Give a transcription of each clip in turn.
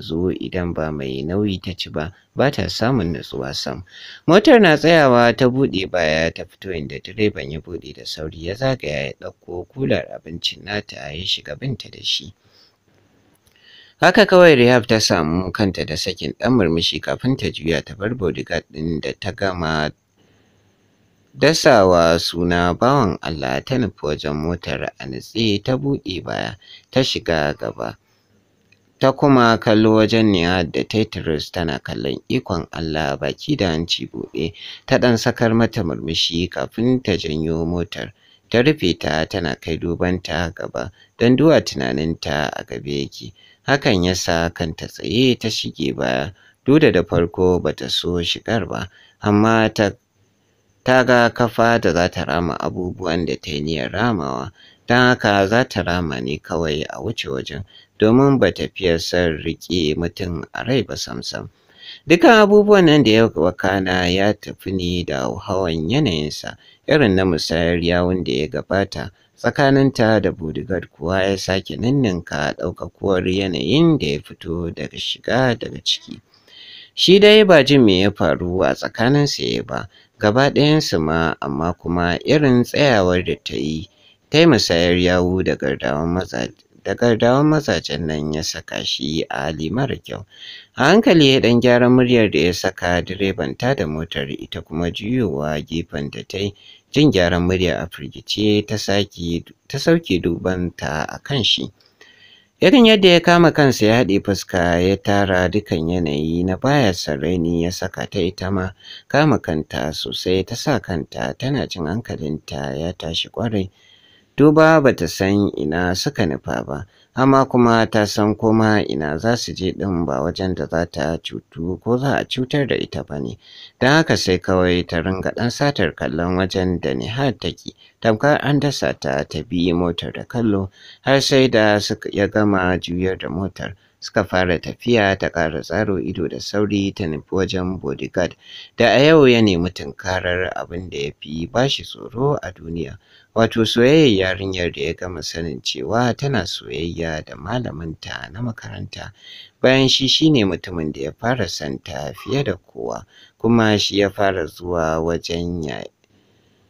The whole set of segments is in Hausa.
zo idan ba mai nauyi ta ci ba ba ta samun nutsuwa sam motar na tsayawa ta buɗe baya ta fito inda direban ya buɗe da sauri ya zagaya ya ɗauko kular abincin nata ya shiga binta da shi haka kawai rehab ta samu kanta da sakin ɗan murmushi kafin ta juya ta bar bodyguard ɗin da ta gama dasawa suna bawan Allah ta nufi wajen motar a nutse ta buɗe baya ta shiga gaba. ta kuma kallo wajen Nihad da Tetris tana kallon ikon Allah baki da hanci buɗe ta ɗan sakar mata murmushi kafin ta janyo motar. Ta rufe ta tana kai ta gaba don duwa tunaninta a gabe yake. Hakan ya sa kanta tsaye ta shige baya. Duda da farko bata so shigar ba, amma ta ta ga kafa da za ta rama abubuwan da ta yi niyyar ramawa don haka za ta rama ni kawai a wuce wajen domin ba fiya son riƙe mutum a rai ba samsam. Dukan abubuwan nan da ya wakana ya tafi ne da hawan yanayinsa irin na musayar yawon da ya gabata tsakaninta da budigar kuwa ya sake ninninka ɗaukakuwar yanayin da ya fito daga shiga daga ciki. Shi dai ba jin me ya faru a tsakaninsa ya ba, gaba ɗayansu ma amma kuma irin tsayawar da ta yi ta yi musayar yawu da gardawan mazajen nan ya saka shi a hali mara kyau a hankali ya dan gyara muryar da ya saka direban ta da motar ita kuma juyowa gefen da ta yi jin gyaran murya a firgice ta sauke duban ta a kan shi irin yadda ya kama kansa ya haɗe fuska ya tara dukan yanayi na baya sarraini ya saka ta ita ma kama kanta sosai ta sa kanta tana cin hankalinta ya tashi kwarai duba ba ta san ina suka nufa ba amma kuma ta san koma ina za su je ɗin ba wajen da za ta cutu ko za a cutar da ita ba ne don haka sai kawai ta ringa ɗan satar kallon wajen da ni ta take tamkar an dasa ta ta bi motar da kallo har sai da suka ya gama juyar da motar suka fara tafiya ta ƙara tsaro ido da sauri ta nufi wajen bodyguard da a yau ya nemi tunkarar abin da ya fi bashi tsoro a duniya wato soyayya yarinyar da ya gama sanin cewa tana soyayya da malaminta na makaranta bayan shi shine mutumin da ya fara santa fiye da kowa kuma shi ya fara zuwa wajen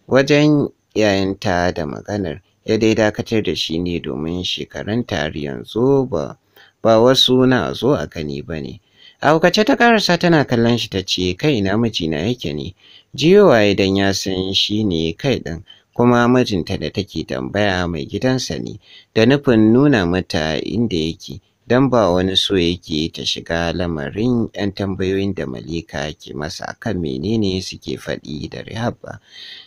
wajen yayanta da maganar ya dai dakatar da shi ne domin shekarun tare yanzu ba ba wasu na zo a gani ba ne a hukace ta karasa tana kallon shi ta ce kai na mijina yake ne jiyowa idan ya san shi ne kai ɗin kuma mijinta da take tambaya mai gidansa ne da nufin nuna mata inda yake don ba wani so yake ta shiga lamarin 'yan tambayoyin da Malika ke masa kan menene suke faɗi da ba?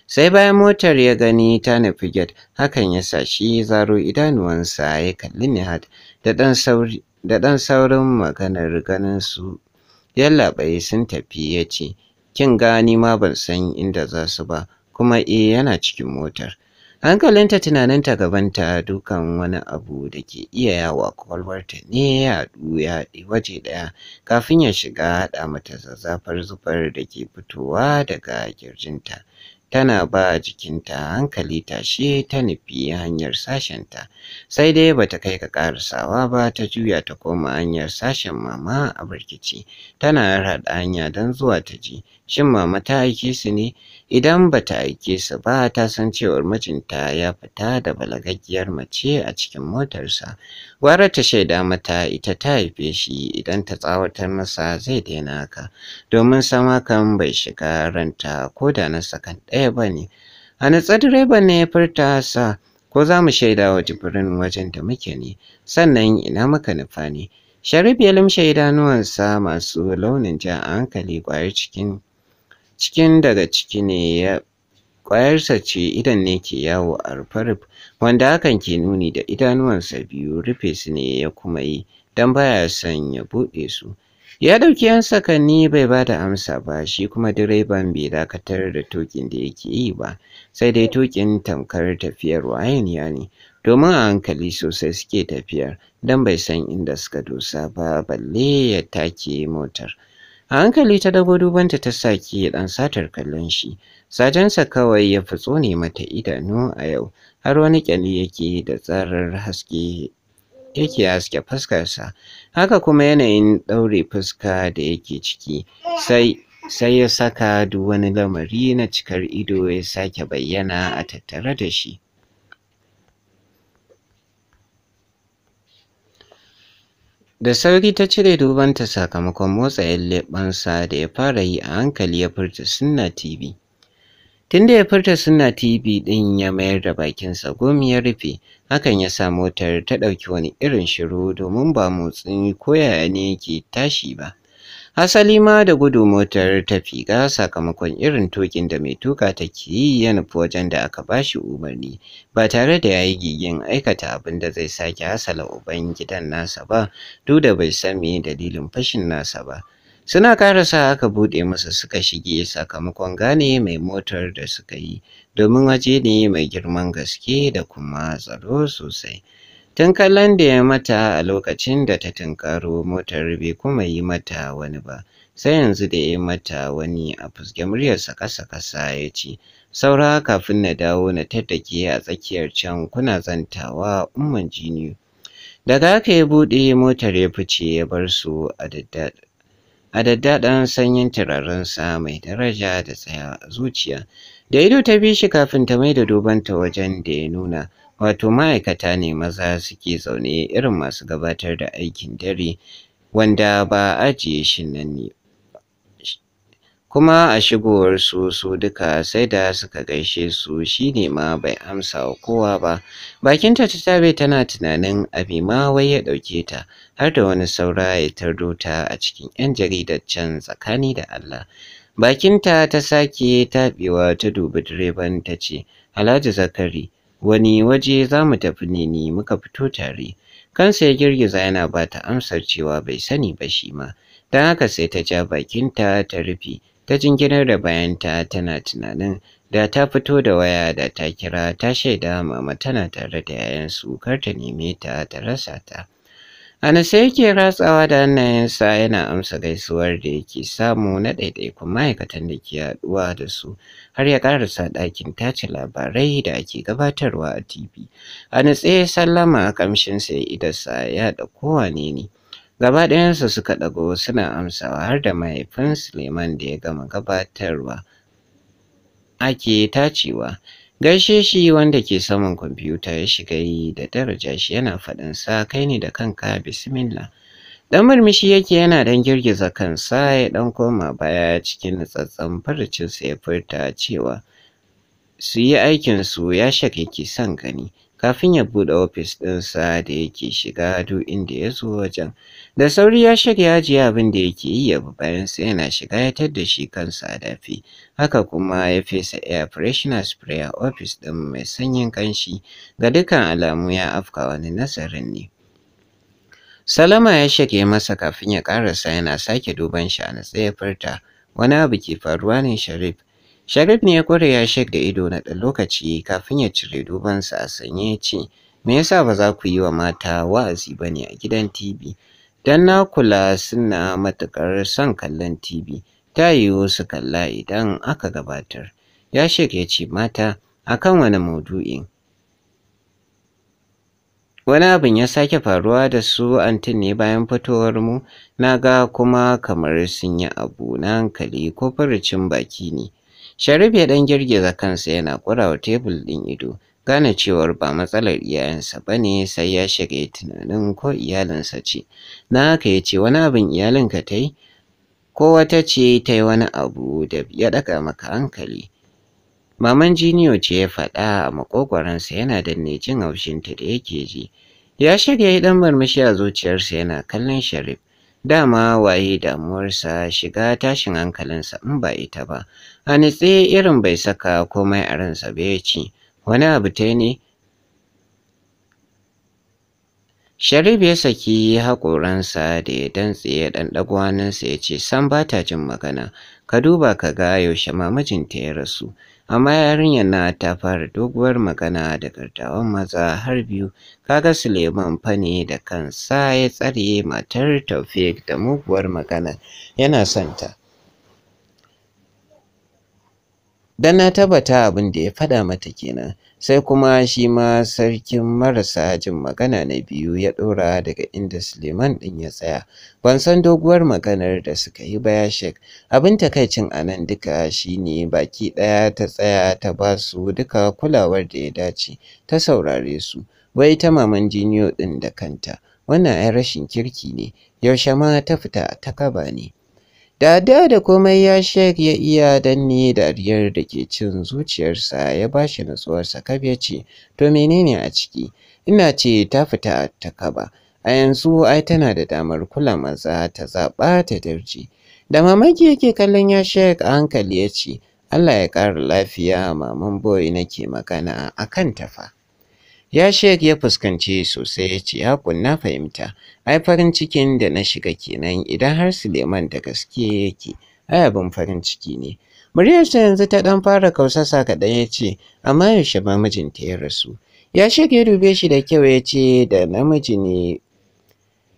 Sai bayan motar ya gani ta nufi get hakan ya sa shi zaro idanuwansa ya kalli Nihat da ɗan saurin maganar ganin su yallaɓai sun tafi ya ce, Kin gani ma ban san inda za su ba, kuma eh yana cikin motar. Hankalinta tunaninta gabanta dukan wani abu da ke iya yawa kwakwalwarta ne ya haɗu ya haɗe waje ɗaya kafin ya shiga haɗa mata zazzafar zubar da ke fitowa daga kirjinta. Tana ba jikinta hankali tashe ta nufi hanyar sashenta, sai dai bata kai ka ƙarasawa ba ta juya ta koma hanyar sashen mama a birkici, tana haɗa hanya don zuwa ta ji, shin mama ta aike su ne idan bata aike su ba ta san cewar mijinta ya fita da balagaggiyar mace a cikin motarsa gwara ta shaida mata ita ta haife shi idan ta tsawatar masa zai daina haka domin sama kan bai shiga ranta ko da na sakan ɗaya ba ne a natsa direban ne ya furta sa ko za mu shaida wa jibrin wajen da muke ne sannan ina muka nufa ne sharif ya lumshe idanuwansa masu launin ja a hankali kwayar cikin cikin daga ciki ne ya ƙwayarsa ce idan ne ke yawo a rufe-rufe wanda hakan ke nuni da idanuwansa biyu rufe su ne ya kuma yi don baya son ya buɗe su. Ya ɗauki 'yan sakanni bai ba da amsa ba shi kuma direban bai dakatar da tokin da yake yi ba sai dai tokin tamkar tafiyar wayaniya ne domin a hankali sosai suke tafiyar don bai san inda suka dosa ba balle ya take motar. A hankali ta dago dubanta ta saki ɗan satar kallon shi. Sajensa kawai ya fi ne mata idanu a yau, har wani kyali yake da tsarar haske yake haske fuskarsa. Haka kuma yanayin ɗaure fuska da yake ciki sai sai ya saka duk wani lamari na cikar ido ya sake bayyana a tattare da shi. Da sauri ta cire dubanta sakamakon motsa ‘yan leɓensa da ya fara yi a hankali ya furta sunna TV. Tun da ya furta sunna TV ɗin ya mayar da bakinsa gomi ya rufe, hakan ya sa motar ta ɗauki wani irin shiru domin ba motsin koyaya ne yake tashi ba. Asali ma da gudu motar ta ga sakamakon irin tokin da mai tuka take yi ya nufi wajen da aka ba shi umarni ba tare da ya yi gigin aikata abin da zai sake hasala uban gidan nasa ba duk da bai san me dalilin fashin nasa ba. Suna sa aka buɗe masa suka shige sakamakon gane mai motar da suka yi domin waje ne mai girman gaske da kuma tsaro sosai. Tun kallon da ya mata a lokacin da ta tunkaro motar bai kuma yi mata wani ba, sai yanzu da ya mata wani a fuske muryarsa kasa-kasa ya ce, Saura kafin na dawo na tattake a tsakiyar can kuna zantawa umman jini. Daga haka ya buɗe motar ya fice ya bar su a daddaɗan sanyin turarensa mai daraja da tsaya zuciya. Da ido ta bi shi kafin ta mai da dubanta wajen da ya nuna. wato ma'aikata ne maza suke zaune irin masu gabatar da aikin dare wanda ba ajiye shi nan ne kuma a shigowar su su duka sai da suka gaishe su shi ne ma bai amsa wa kowa ba bakinta ta tabe tana tunanin abi ma wai ya ɗauke ta har da wani saura ya tardo ta a cikin 'yan jaridar can tsakani da Allah bakinta ta sake taɓewa ta dubi direban ta ce Alhaji Zakari wani waje za mu tafi ne ni muka fito tare kansa ya girgiza yana ba ta amsar cewa bai sani ba shi ma don haka sai ta ja bakinta ta rufe ta jinginar da bayanta tana tunanin da ta fito da waya da ta kira ta shaida mama tana tare da yayansu kar ta neme ta ta rasa ta Anasa yake ratsawa da hannayensa yana amsa gaisuwar da yake samu na ɗaiɗaikun ma'aikatan da ke haɗuwa da su har ya ƙarasa ɗakin tace labarai da ake gabatarwa a TV. A natse sallama a ƙamshinsa ya idarsa ya da kowane ne. Gaba ɗayansa suka ɗago suna amsawa har da mahaifin Suleiman da ya gama gabatarwa ake tacewa. Gaishe shi wanda ke saman kwamfuta ya shiga yi da daraja shi yana faɗin sa kai ne da kanka bismillah. Dan murmushi yake yana dan girgiza kansa ya dan koma baya cikin nutsatsen farcinsa ya furta cewa su yi aikinsu ya shaka kisan son gani. kafin ya buɗe ofis ɗinsa da yake shiga duk inda ya zo wajen. Da sauri ya shirya ajiye abin da yake yi ya bi sai yana shiga ya tadda shi kansa dafi. Haka kuma ya fesa air freshener spray a ofis ɗin mai sanyin kanshi ga dukkan alamu ya afka wani nasarin ne. Salama ya shige masa kafin ya karasa yana sake duban shi a natsaye furta. Wani abu ke faruwa ne Sharif. Sharif ne ya kware ya shek da ido na ɗan lokaci kafin ya cire dubansa a sanye ya ce, Me yasa ba za ku yi wa mata wa'azi ba ne a gidan TV? Don na kula suna matuƙar son kallon TV, ta yiwu su kalla idan aka gabatar. Ya shek ya ce mata, 'A kan wani maudu'i Wani abin ya sake faruwa da su antin ne bayan fitowar mu, na ga kuma kamar sun yi abu na hankali ko baki ne. Sharif ya ɗan girgiza kansa yana kurawa tebul ɗin ido, gane cewar ba matsalar iyayensa ba ne sai ya shiga tunanin ko iyalinsa ce. Na haka ya ce wani abin iyalinka ta yi, ko wata ce ta yi wani abu da ya ɗaga maka hankali. Maman Jiniyo ce ya faɗa a makogwaransa yana danne jin haushinta da yake ji. Ya shirya ya ɗan murmushi a zuciyarsa yana kallon Sharif. dama waye damuwarsa shiga tashin hankalinsa in ba ita ba a nitse irin bai saka komai a ransa ba ya ce wani abu ta ne sharif ya saki haƙoransa da ya dantse ya ɗan ɗagwaninsa ya ce san ba ta jin magana ka duba ka ga yaushe mamajinta ya rasu amma yarinyar na ta fara doguwar magana da kartawan maza har biyu kaga Suleiman Fani da kansa ya tsare matar Taufik da muguwar magana yana santa dan na tabbata abin da ya faɗa mata kenan sai kuma shi ma sarkin marasa jin magana na biyu ya ɗora daga inda suleiman ɗin ya tsaya ban san doguwar maganar da suka yi ba ya shek abin takaicin a nan duka shine baki ɗaya ta tsaya ta ba su duka kulawar da ya dace ta saurare su wai ta maman jiniyo ɗin da kanta wannan ai rashin kirki ne yaushe ma ta fita ta kaba ne Dada da komai ya shek ya iya danne dariyar da ke cin zuciyarsa ya ba shi nutsuwarsa kaf ya ce, To menene a ciki? Ina ce ta fita ta kaba. A yanzu ai tana da damar kula maza ta zaɓa ta darji. Da mamaki yake kallon ya shek a hankali ya ce, Allah ya ƙara lafiya maman boy nake magana a kan tafa. Ya shek ya fuskanci sosai ya ce hakun na fahimta, ai farin cikin da na shiga kenan idan har Suleiman da gaske yake, ai abin farin ciki ne. Muryarsa yanzu ta ɗan fara kausasa kaɗan ya ce, amma yaushe ma mijinta ya rasu. Ya shek ya dube shi da kyau ya ce da namiji ne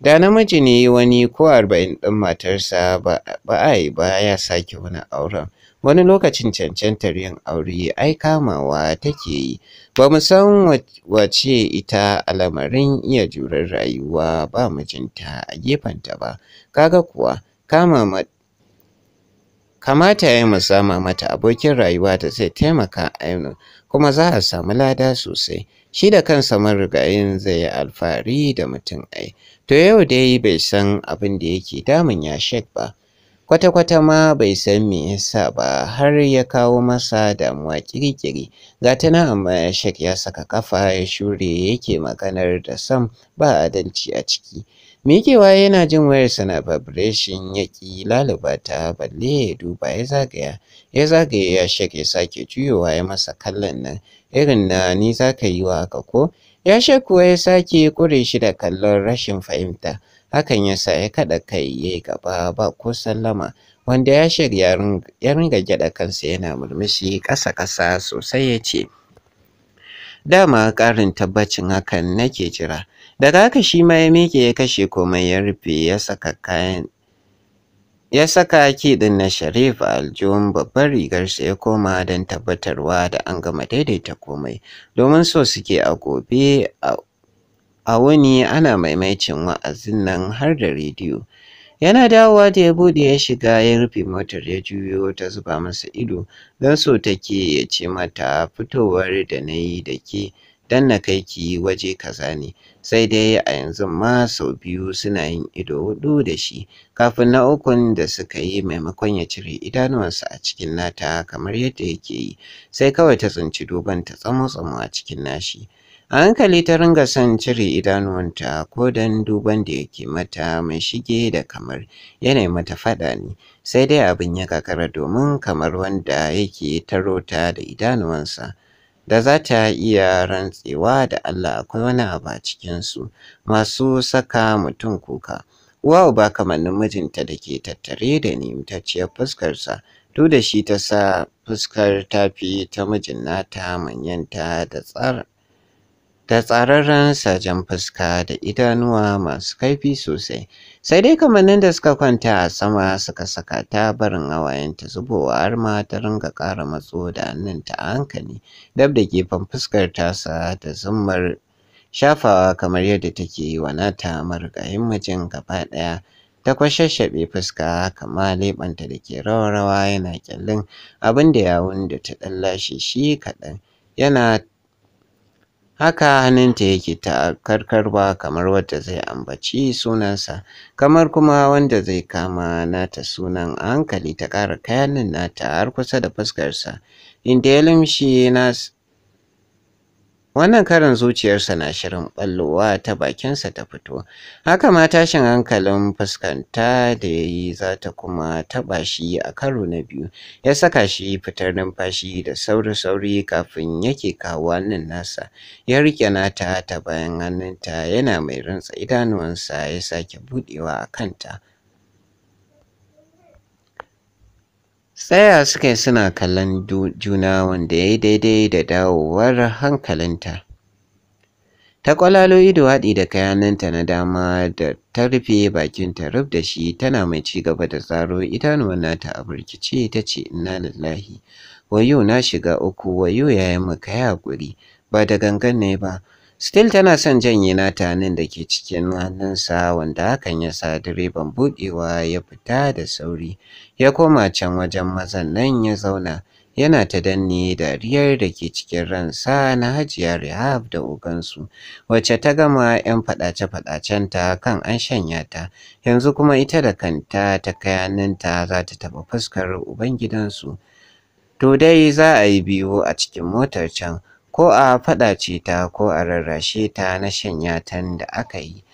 da namiji ne wani ko arba'in ɗin matarsa ba a yi ba ya sake wani auren wani lokacin cancantar yin aure ai kamawa take yi ba mu san wace ita alamarin iya jurar rayuwa ba mijinta a gefenta ba kaga kuwa kama kamata ya mu sama mata abokin rayuwa da zai taimaka ainu kuma za a samu lada sosai shi da kansa marigayin zai yi alfahari da mutum ai to yau dai bai san abin da yake damun ya shek ba kwata-kwata ma bai san me yasa ba har ya kawo masa damuwa kirkiri ga ta nan amma shek ya saka kafa ya shure yake maganar da sam ba adalci a ciki mikewa yana jin wayarsa na vibration ya ki laluba ta balle ya duba ya zagaya ya zagaya ya shek ya sake juyowa ya masa kallon nan irin na ni za ka yi wa ka ko ya shek kuwa ya sake kure shi da kallon rashin fahimta hakan ya sa ya kaɗa kai ya yi gaba ba ko sallama wanda ya shirya ya ringa gyaɗa kansa yana murmushi ƙasa-ƙasa sosai ya ce dama ƙarin tabbacin hakan nake jira daga haka shi ma ya miƙe ya kashe komai ya rufe ya saka kayan ya saka na Sharif a aljihun babbar rigarsa ya koma don tabbatarwa da an gama daidaita komai domin so suke a gobe a a wuni ana maimaicin wa'azin nan har da rediyo. Yana dawowa da ya bude ya shiga ya rufe motar ya juyo ta zuba masa ido don so take ya ce mata fitowar da na yi da ke don na kai ki waje kaza ne sai dai a yanzu ma sau biyu suna yin ido hudu da shi kafin na ukun da suka yi maimakon ya cire idanuwansa a cikin nata kamar yadda yake yi sai kawai ta tsinci duban ta tsamo tsamo a cikin nashi. A hankali ta ringa son cire idanuwanta ko don duban da yake mata mai shige da kamar yanayin mata faɗa ne, sai dai abin ya kakara domin kamar wanda yake taro ta da idanuwansa. Da za ta iya rantsewa da Allah akwai wani abu a cikinsu masu saka mutum kuka. Uwa uba kamar mijinta da ke tattare da nemtacciyar fuskarsa, duk da shi ta sa fuskar tafi ta mijin nata manyanta da tsara. da tsararren sajen fuska da idanuwa masu kaifi sosai sai dai kamannin da suka kwanta a sama suka saka ta barin hawayenta zubowa har ma ta ringa ƙara matso da hannunta a hankali dab da gefen fuskar tasa da zummar shafawa kamar yadda take yi wa nata marigayin mijin gaba ɗaya ta kwashashaɓe fuska kama leɓanta da ke rawa-rawa yana kyallin abin da yawun da ta ɗan lashe shi kaɗan yana Haka hannunta yake ta karkarwa kamar wadda zai ambaci sunansa, kamar kuma wanda zai kama nata sunan a hankali ta ƙara kayanin nata har kusa da fuskarsa, inda ya lumshe Wannan karin zuciyarsa na shirin ɓallowa ta bakinsa ta fito. Haka ma tashin hankalin fuskanta da ya yi za ta kuma taɓa shi a karo na biyu. Ya saka shi fitar numfashi da sauri-sauri kafin yake kawo hannun nasa. Ya riƙe nata ta bayan hannunta yana mai rantsa idanuwansa ya sake buɗewa a kanta. Tsaya suke suna kallon juna wanda ya yi daidai da dawowar hankalinta. Ta kwalalo ido haɗi da kayananta na dama da ta rufe bakinta rub da shi tana mai ci gaba da tsaro idanuwan nata a burkice ta ce inna lillahi wayo na shiga uku wayo yayin mu kai hakuri ba da gangan ne ba Still tana son janye nata nan da ke cikin hannunsa wanda hakan ya sa direban buɗewa ya fita da sauri ya koma can wajen mazan nan ya zauna yana ta danne dariyar da ke cikin ransa na hajiya Rehab da ogansu wacce ta gama 'yan faɗace-faɗacenta kan an shanya ta yanzu kuma ita da kanta ta kayaninta za ta taɓa fuskar ubangidansu to dai za a yi biyu a cikin motar can. ko a faɗace ta ko a rarrashe ta na tan da aka yi